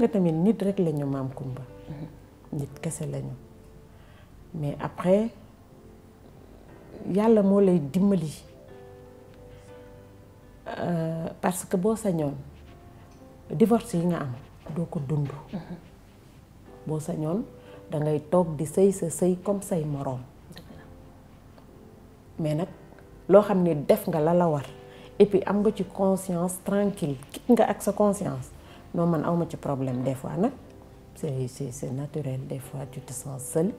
nga tamit nit rek la ñu maam Kumba nit kese lañu mais après yàlla moo lay dimbali euh, parce que boo sañoon divorce yi nga am doo ko dund boo sañoon da ngay toog di sëy sa sëy comme say moroom mais nag loo xam ne def nga la la war et puis am nga ci conscience tranquille kit nga ak sa conscience non man awma ci problème des fois nag c'est c'est c'est naturel des fois tu te sens seul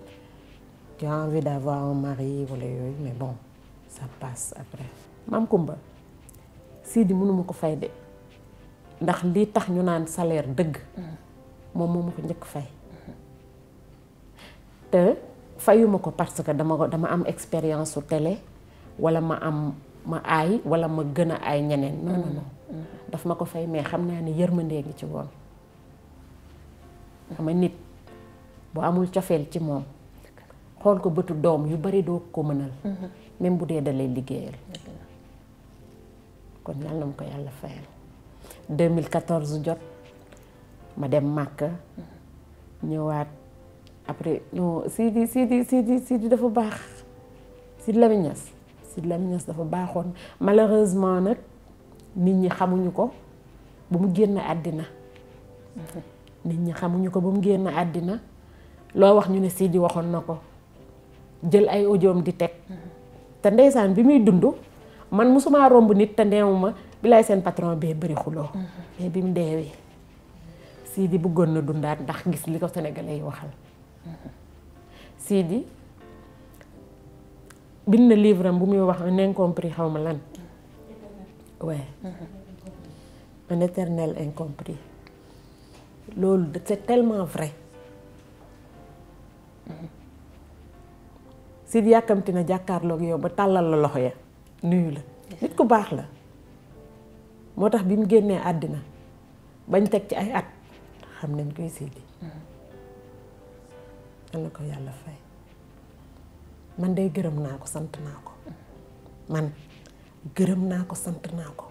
tu as envie d'avoir un mari yooyu mais bon ça passe après maam Kumba Sidi mënuma ko fay de ndax lii tax ñu naan salaire dëgg moom moo ma ko njëkk fay te fayuma ko parce que dama ko dama am expérience su télé wala ma am ma ay wala ma gën ay aay ñeneen non non mm. non daf ma ko fay mais xam naa ne yërmandee ngi ci woon xama nit bu amul cofeel ci moom xool ko bëtu doom yu bari doo ko mënal mm-hmm. même bu dee dalay liggéeyal kon yàlla na ma ko yàlla fayal 2014 jot ma dem Màkka mm-hmm. ñëwaat après non Sidi Sidi Sidi Sidi dafa baax Sidi Lamine Niass Sidi Lamine Niass dafa baaxoon malheureusement nag nit ñi xamuñu ko ba mu génn àddina nit ñi xamuñu ko ba mu génn àddina loo wax ñu ne Sidi waxoon na ko jël ay audioom di teg te ndeysaan bi muy dund man mosumaa romb nit te neewu ma lay seen patron bee bëri xuloo bi mu deewee Sidi bëggoon na dundaat ndax gis li ko sénégalais yi waxal Sidi bind na livre am bu muy wax un incompris xaw ma lan waaye un éternel incompris loolu c'est tellement vrai si yàkkamti na jàkkaarloog yow ba tàllal la loxo ya nuyu la nit ku baax la moo tax bi mu génnee àddina bañ teg ci ay at xam nañ koy Sidi. Yàlla ko yàlla fay. man day gërëm naa ko sant naa ko man gërëm naa ko sant naa ko